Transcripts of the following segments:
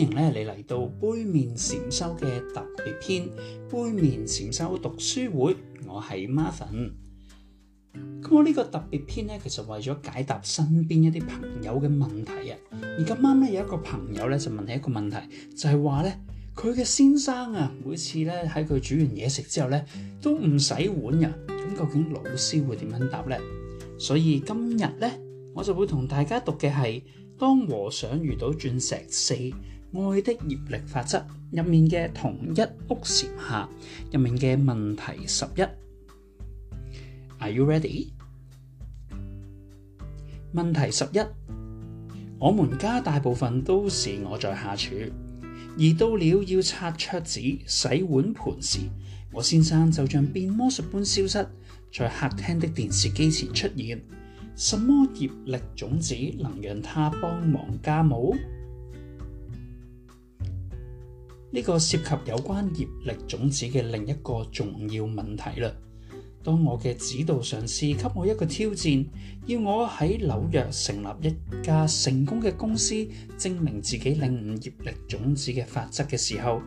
歡迎你嚟到杯麵禪修嘅特別篇。杯麵禪修讀書會。我係 Marvin。咁我呢個特別篇呢，其實為咗解答身邊一啲朋友嘅問題啊。而今晚咧有一個朋友咧就問起一個問題，就係話呢，佢嘅先生啊，每次咧喺佢煮完嘢食之後呢，都唔洗碗噶。咁究竟老師會點樣答呢？所以今日呢，我就會同大家讀嘅係《當和尚遇到鑽石四》。《愛的業力法則》入面嘅同一屋檐下入面嘅問題十一，Are you ready？問題十一，我們家大部分都是我在下廚，而到了要擦桌子、洗碗盤時，我先生就像變魔術般消失在客廳的電視機前出現。什麼業力種子能讓他幫忙家務？呢個涉及有關業力種子嘅另一個重要問題啦。當我嘅指導上司給我一個挑戰，要我喺紐約成立一家成功嘅公司，證明自己領悟業力種子嘅法則嘅時候，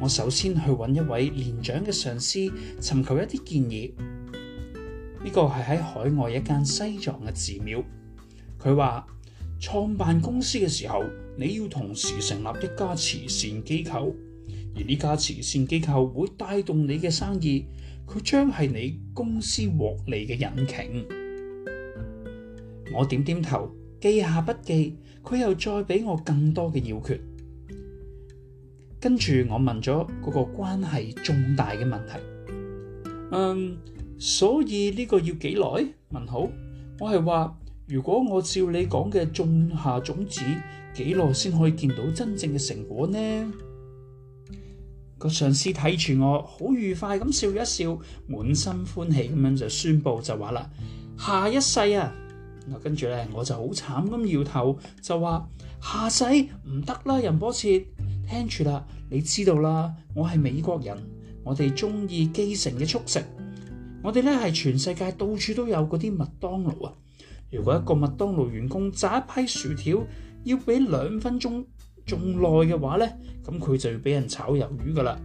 我首先去揾一位年長嘅上司，尋求一啲建議。呢個係喺海外一間西藏嘅寺廟。佢話創辦公司嘅時候，你要同時成立一家慈善機構。而呢家慈善機構會帶動你嘅生意，佢將係你公司獲利嘅引擎。我點點頭記下筆記，佢又再俾我更多嘅要訣。跟住我問咗嗰個關係重大嘅問題。嗯，所以呢個要幾耐？問好，我係話如果我照你講嘅種下種子，幾耐先可以見到真正嘅成果呢？個上司睇住我，好愉快咁笑咗一笑，滿心歡喜咁樣就宣佈就話啦：下一世啊！跟住咧，我就好慘咁搖頭，就話下世唔得啦，任波切，聽住啦，你知道啦，我係美國人，我哋中意基城嘅速食，我哋咧係全世界到處都有嗰啲麥當勞啊！如果一個麥當勞員，員工炸一批薯條，要俾兩分鐘。仲耐嘅話呢，咁佢就要俾人炒魷魚噶啦。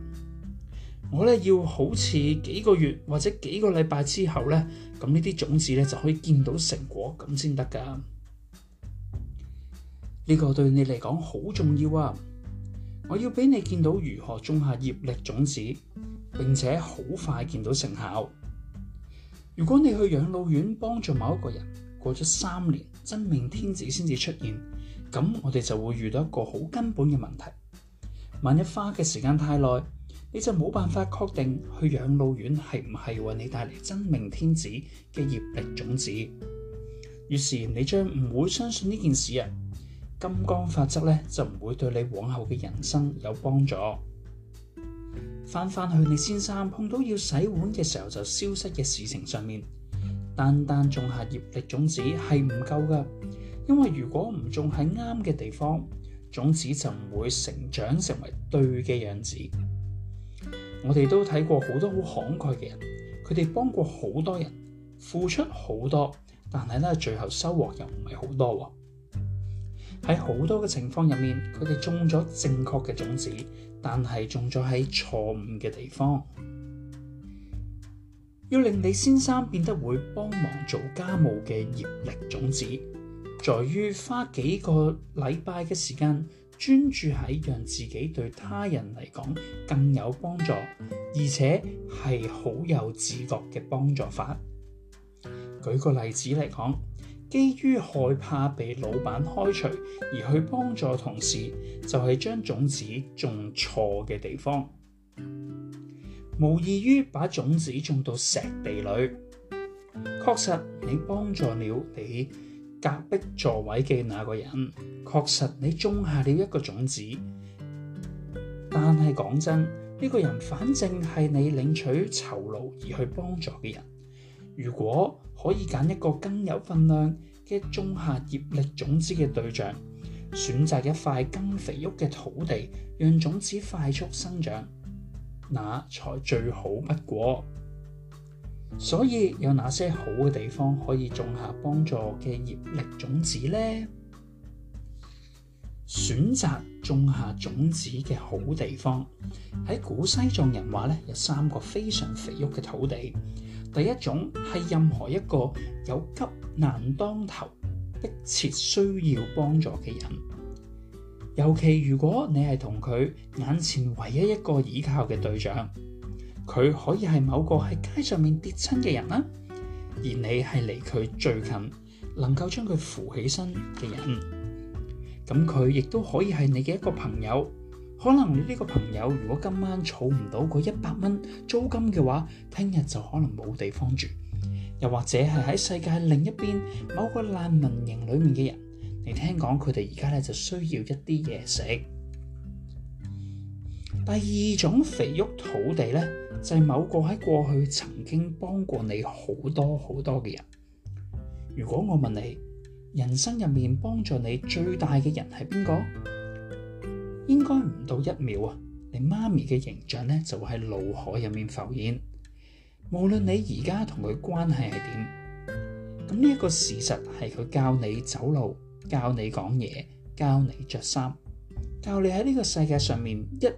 我咧要好似幾個月或者幾個禮拜之後呢，咁呢啲種子呢就可以見到成果咁先得噶。呢個對你嚟講好重要啊！我要俾你見到如何種下業力種子，並且好快見到成效。如果你去養老院幫助某一個人，過咗三年，真命天子先至出現。咁我哋就會遇到一個好根本嘅問題。萬一花嘅時間太耐，你就冇辦法確定去養老院係唔係為你帶嚟真命天子嘅業力種子。於是你將唔會相信呢件事啊，金剛法則呢，就唔會對你往後嘅人生有幫助。返返去你先生碰到要洗碗嘅時候就消失嘅事情上面，單單種下業力種子係唔夠㗎。因為如果唔種喺啱嘅地方，種子就唔會成長成為對嘅樣子。我哋都睇過好多好慷慨嘅人，佢哋幫過好多人，付出好多，但係呢最後收穫又唔係好多喎。喺好多嘅情況入面，佢哋種咗正確嘅種子，但係種咗喺錯誤嘅地方。要令你先生變得會幫忙做家務嘅業力種子，在於花幾個禮拜嘅時間，專注喺讓自己對他人嚟講更有幫助，而且係好有自覺嘅幫助法。舉個例子嚟講，基於害怕被老闆開除而去幫助同事，就係將種子種錯嘅地方，無異於把種子種到石地裏。確實，你幫助了你。隔壁座位嘅那個人，確實你種下了一個種子，但係講真，呢、這個人反正係你領取酬勞而去幫助嘅人。如果可以揀一個更有份量嘅種下業力種子嘅對象，選擇一塊更肥沃嘅土地，讓種子快速生長，那才最好不過。所以有哪些好嘅地方可以種下幫助嘅業力種子呢？選擇種下種子嘅好地方，喺古西藏人話咧有三個非常肥沃嘅土地。第一種係任何一個有急難當頭、迫切需要幫助嘅人，尤其如果你係同佢眼前唯一一個依靠嘅對象。佢可以係某個喺街上面跌親嘅人啦，而你係離佢最近能夠將佢扶起身嘅人。咁佢亦都可以係你嘅一個朋友。可能呢個朋友如果今晚儲唔到嗰一百蚊租金嘅話，聽日就可能冇地方住。又或者係喺世界另一邊某個難民營裡面嘅人，你聽講佢哋而家咧就需要一啲嘢食。第二種肥沃土地呢，就係某個喺過去曾經幫過你好多好多嘅人。如果我問你，人生入面幫助你最大嘅人係邊個？應該唔到一秒啊！你媽咪嘅形象呢，就會喺腦海入面浮現。無論你而家同佢關係係點，咁呢一個事實係佢教你走路，教你講嘢，教你着衫。教你喺呢個世界上面一言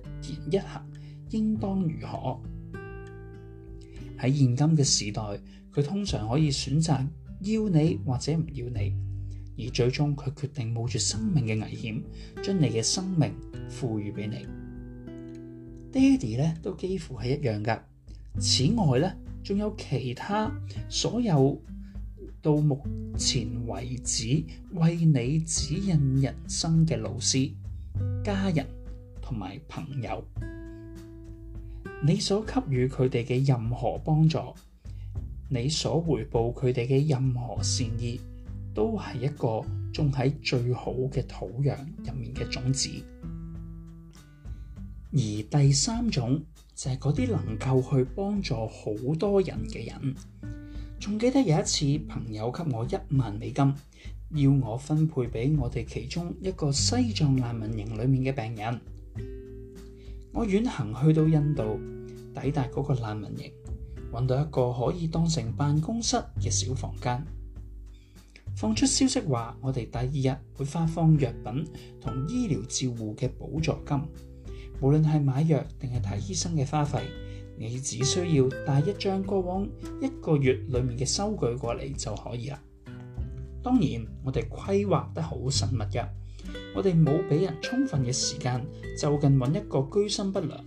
一行應當如何。喺現今嘅時代，佢通常可以選擇要你或者唔要你，而最終佢決定冒住生命嘅危險將你嘅生命賦予俾你。爹哋呢都幾乎係一樣㗎。此外呢，仲有其他所有到目前為止為你指引人生嘅老師。家人同埋朋友，你所給予佢哋嘅任何幫助，你所回報佢哋嘅任何善意，都係一個種喺最好嘅土壤入面嘅種子。而第三種就係嗰啲能夠去幫助好多人嘅人。仲記得有一次，朋友給我一萬美金。要我分配俾我哋其中一個西藏難民營裏面嘅病人。我遠行去到印度，抵達嗰個難民營，搵到一個可以當成辦公室嘅小房間，放出消息話，我哋第二日會發放藥品同醫療照護嘅補助金。無論係買藥定係睇醫生嘅花費，你只需要帶一張過往一個月裏面嘅收據過嚟就可以啦。當然，我哋規劃得好慎密嘅，我哋冇俾人充分嘅時間就近揾一個居心不良、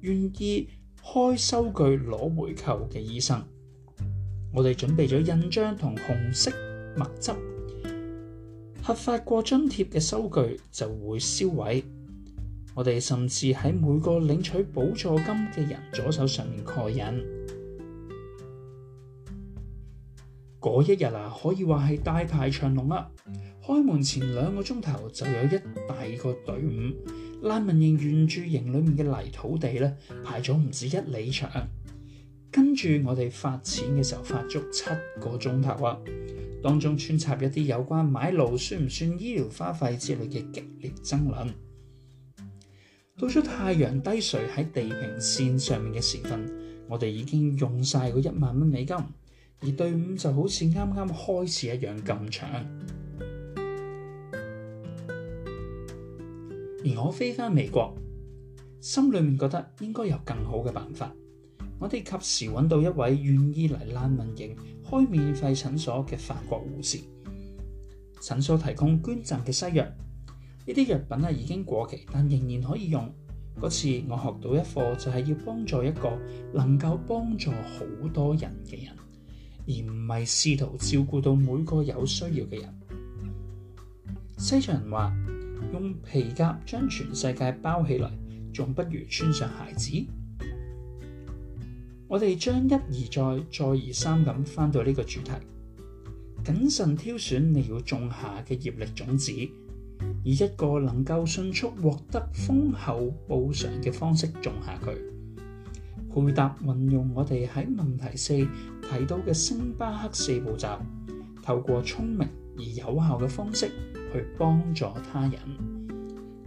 願意開收據攞回扣嘅醫生。我哋準備咗印章同紅色墨汁，核發過津貼嘅收據就會銷毀。我哋甚至喺每個領取補助金嘅人左手上面蓋印。嗰一日啊，可以話係大排長龍啦！開門前兩個鐘頭就有一大個隊伍，難民營圓柱形裡面嘅泥土地咧排咗唔止一里長。跟住我哋發錢嘅時候發足七個鐘頭啊，當中穿插一啲有關買路算唔算醫療花費之類嘅激烈爭論。到咗太陽低垂喺地平線上面嘅時分，我哋已經用晒嗰一萬蚊美金。而隊伍就好似啱啱開始一樣咁長，而我飛返美國，心裏面覺得應該有更好嘅辦法。我哋及時揾到一位願意嚟難民營開免費診所嘅法國護士，診所提供捐贈嘅西藥，呢啲藥品啊已經過期，但仍然可以用。嗰次我學到一課，就係要幫助一個能夠幫助好多人嘅人。而唔係試圖照顧到每個有需要嘅人。西藏人話：用皮夾將全世界包起來，仲不如穿上鞋子。我哋將一而再、再而三咁返到呢個主題，謹慎挑選你要種下嘅業力種子，以一個能夠迅速獲得豐厚報償嘅方式種下佢。回答運用我哋喺問題四提到嘅星巴克四步驟，透過聰明而有效嘅方式去幫助他人，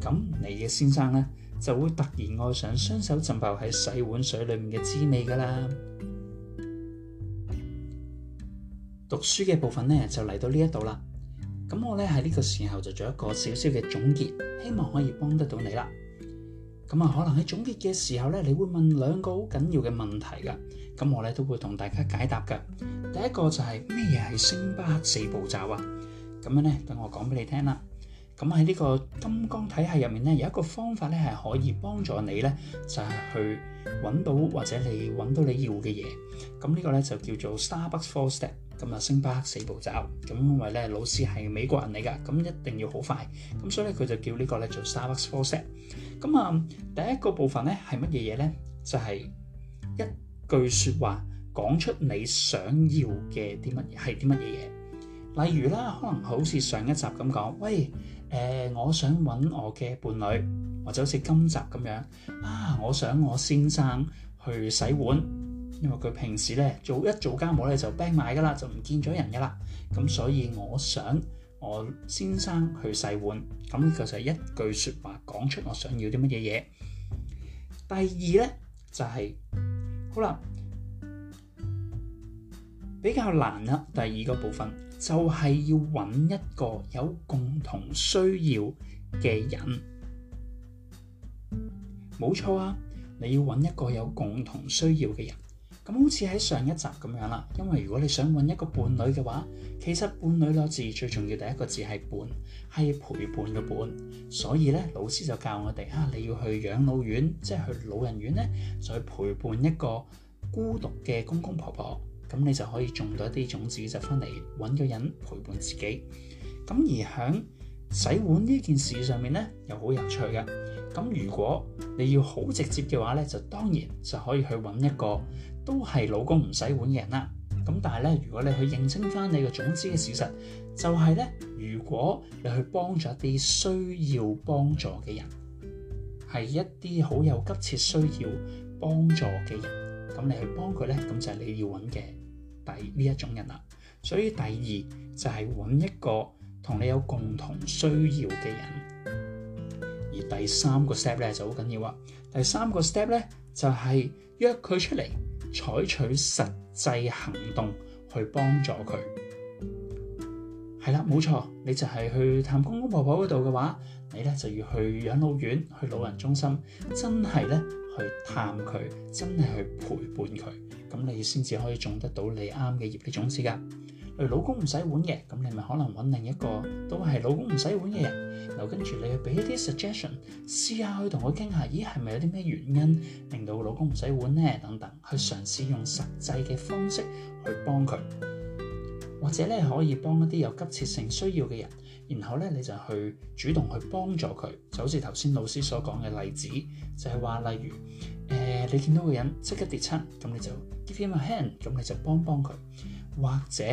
咁你嘅先生呢，就會突然愛上雙手浸泡喺洗碗水裏面嘅滋味噶啦。讀書嘅部分呢，就嚟到呢一度啦，咁我呢，喺呢個時候就做一個少少嘅總結，希望可以幫得到你啦。咁啊，可能你總結嘅時候咧，你會問兩個好緊要嘅問題噶，咁我咧都會同大家解答噶。第一個就係咩嘢係星巴克四步驟啊？咁樣咧，等我講俾你聽啦。咁喺呢個金剛體系入面咧，有一個方法咧係可以幫助你咧，就係去揾到或者你揾到你要嘅嘢。咁呢個咧就叫做 Starbucks Four Step。咁啊，星巴克四步驟，咁因為咧老師係美國人嚟㗎，咁一定要好快，咁所以咧佢就叫呢個咧做 Starbucks Four Step。咁啊，第一個部分咧係乜嘢嘢咧？就係一句説話，講出你想要嘅啲乜嘢，係啲乜嘢嘢。例如啦，可能好似上一集咁講，喂，誒，我想揾我嘅伴侶，或者好似今集咁樣，啊，我想我先生去洗碗。因為佢平時咧做一做家務咧就掟埋噶啦，就唔見咗人噶啦。咁所以我想我先生去洗碗。咁呢個就係一句説話講出我想要啲乜嘢嘢。第二咧就係、是、好啦，比較難啦、啊。第二個部分就係、是、要揾一個有共同需要嘅人，冇錯啊！你要揾一個有共同需要嘅人。咁好似喺上一集咁樣啦，因為如果你想揾一個伴侶嘅話，其實伴侶兩個字最重要第一個字係伴，係陪伴嘅伴。所以呢，老師就教我哋吓，啊，你要去養老院，即係去老人院呢，就去陪伴一個孤獨嘅公公婆婆。咁你就可以種到一啲種子，就翻嚟揾個人陪伴自己。咁而喺洗碗呢件事上面呢，又好有趣嘅。咁如果你要好直接嘅話呢，就當然就可以去揾一個。都係老公唔洗碗嘅人啦。咁但係咧，如果你去認清翻你嘅總之嘅事實，就係咧，如果你去幫助一啲需要幫助嘅人，係一啲好有急切需要幫助嘅人，咁你去幫佢咧，咁就係你要揾嘅第呢一種人啦。所以第二就係揾一個同你有共同需要嘅人，而第三個 step 咧就好緊要啊。第三個 step 咧就係約佢出嚟。採取實際行動去幫助佢，係啦，冇錯，你就係去探公公婆婆嗰度嘅話，你咧就要去養老院、去老人中心，真係咧去探佢，真係去陪伴佢，咁你先至可以種得到你啱嘅業力種子㗎。如老公唔洗碗嘅，咁你咪可能揾另一個都係老公唔洗碗嘅人。嗱，跟住你去俾一啲 suggestion，試下去同佢傾下，咦，係咪有啲咩原因令到老公唔洗碗呢？等等，去嘗試用實際嘅方式去幫佢，或者咧可以幫一啲有急切性需要嘅人，然後咧你就去主動去幫助佢，就好似頭先老師所講嘅例子，就係話，例如誒、呃、你見到個人即刻跌親，咁你就 give him a hand，咁你就幫幫佢，或者。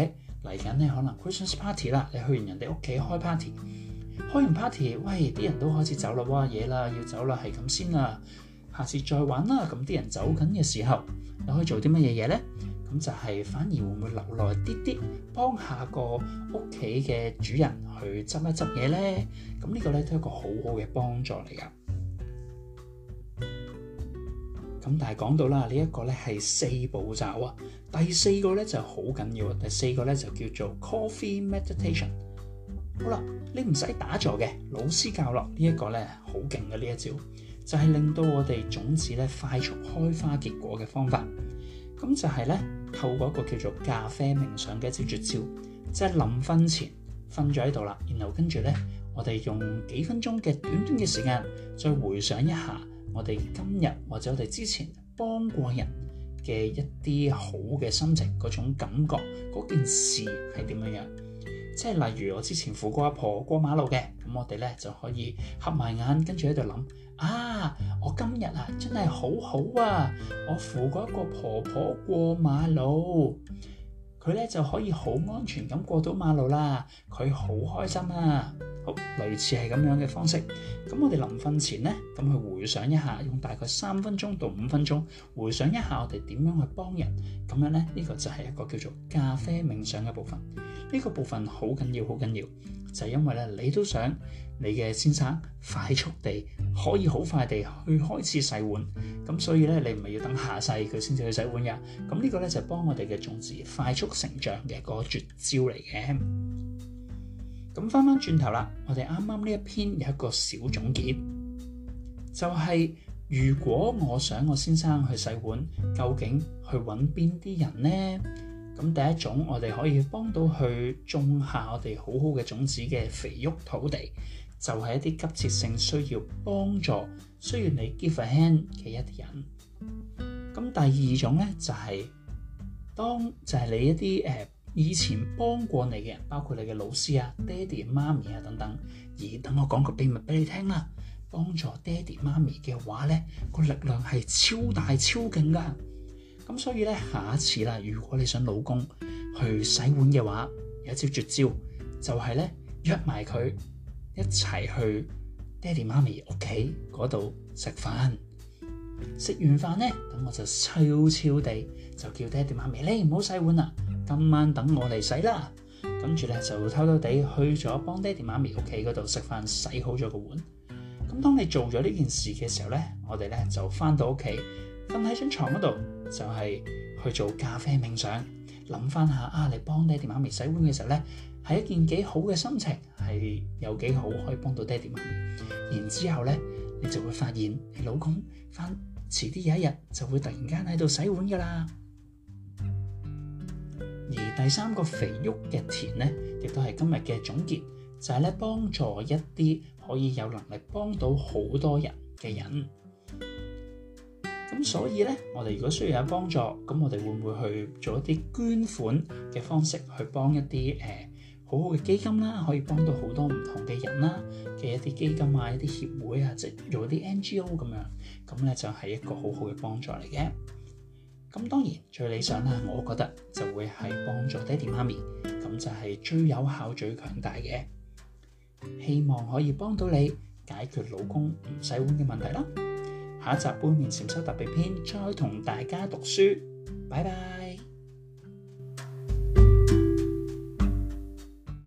嚟緊咧，可能 Christmas party 啦，你去完人哋屋企開 party，開完 party，喂，啲人都開始走啦，嘩嘢啦，要走啦，係咁先啦，下次再玩啦。咁啲人走緊嘅時候，你可以做啲乜嘢嘢呢？咁就係反而會唔會留耐啲啲，幫下個屋企嘅主人去執一執嘢呢？咁呢個呢，都係一個好好嘅幫助嚟噶。咁但係講到啦，呢一個咧係四步驟啊，第四個咧就好緊要，第四個咧就叫做 coffee meditation。好啦，你唔使打坐嘅，老師教落呢一個咧好勁嘅呢一招，就係令到我哋種子咧快速開花結果嘅方法。咁就係咧透過一個叫做咖啡冥想嘅一招絕招，即係臨瞓前瞓咗喺度啦，然後跟住咧我哋用幾分鐘嘅短短嘅時間，再回想一下。我哋今日或者我哋之前幫過人嘅一啲好嘅心情嗰種感覺，嗰件事係點樣樣？即係例如我之前扶過阿婆過馬路嘅，咁我哋咧就可以合埋眼，跟住喺度諗啊！我今日啊真係好好啊！我扶過一個婆婆過馬路。佢咧就可以好安全咁過到馬路啦，佢好開心啊！好，類似係咁樣嘅方式，咁我哋臨瞓前呢，咁去回想一下，用大概三分鐘到五分鐘回想一下我哋點樣去幫人，咁樣呢，呢個就係一個叫做咖啡冥想嘅部分，呢個部分好緊要，好緊要。就因為咧，你都想你嘅先生快速地可以好快地去開始洗碗，咁所以咧，你唔係要等下世佢先至去洗碗嘅。咁呢個咧就係、幫我哋嘅種子快速成長嘅一個絕招嚟嘅。咁翻翻轉頭啦，我哋啱啱呢一篇有一個小總結，就係、係、如果我想我先生去洗碗，究竟去揾邊啲人呢？咁第一種，我哋可以幫到去種下我哋好好嘅種子嘅肥沃土地，就係、是、一啲急切性需要幫助、需要你 give a hand 嘅一啲人。咁第二種呢，就係、是、當就係、是、你一啲誒、呃、以前幫過你嘅人，包括你嘅老師啊、爹哋、媽咪啊等等。而等我講個秘密俾你聽啦，幫助爹哋媽咪嘅話呢，個力量係超大超勁噶。咁所以咧，下一次啦，如果你想老公去洗碗嘅話，有一招絕招就係咧約埋佢一齊去爹哋媽咪屋企嗰度食飯。食完飯咧，等我就悄悄地就叫爹哋媽咪：你唔好洗碗啦，今晚等我嚟洗啦。跟住咧就偷偷地去咗幫爹哋媽咪屋企嗰度食飯，洗好咗個碗。咁當你做咗呢件事嘅時候咧，我哋咧就翻到屋企瞓喺張床嗰度。就係去做咖啡冥想，諗翻下啊，你幫爹哋媽咪洗碗嘅時候咧，係一件幾好嘅心情，係有幾好可以幫到爹哋媽咪。然之後咧，你就會發現你老公翻遲啲有一日就會突然間喺度洗碗噶啦。而第三個肥沃嘅田咧，亦都係今日嘅總結，就係咧幫助一啲可以有能力幫到好多人嘅人。咁所以呢，我哋如果需要有幫助，咁我哋會唔會去做一啲捐款嘅方式去幫一啲誒、呃、好好嘅基金啦，可以幫到好多唔同嘅人啦嘅一啲基金啊，一啲協會啊，即做一啲 NGO 咁樣，咁呢就係一個好好嘅幫助嚟嘅。咁當然最理想啦，我覺得就會係幫助爹哋媽咪，咁就係最有效最強大嘅。希望可以幫到你解決老公唔洗碗嘅問題啦～下一集杯麵禪修特別篇，再同大家讀書，拜拜。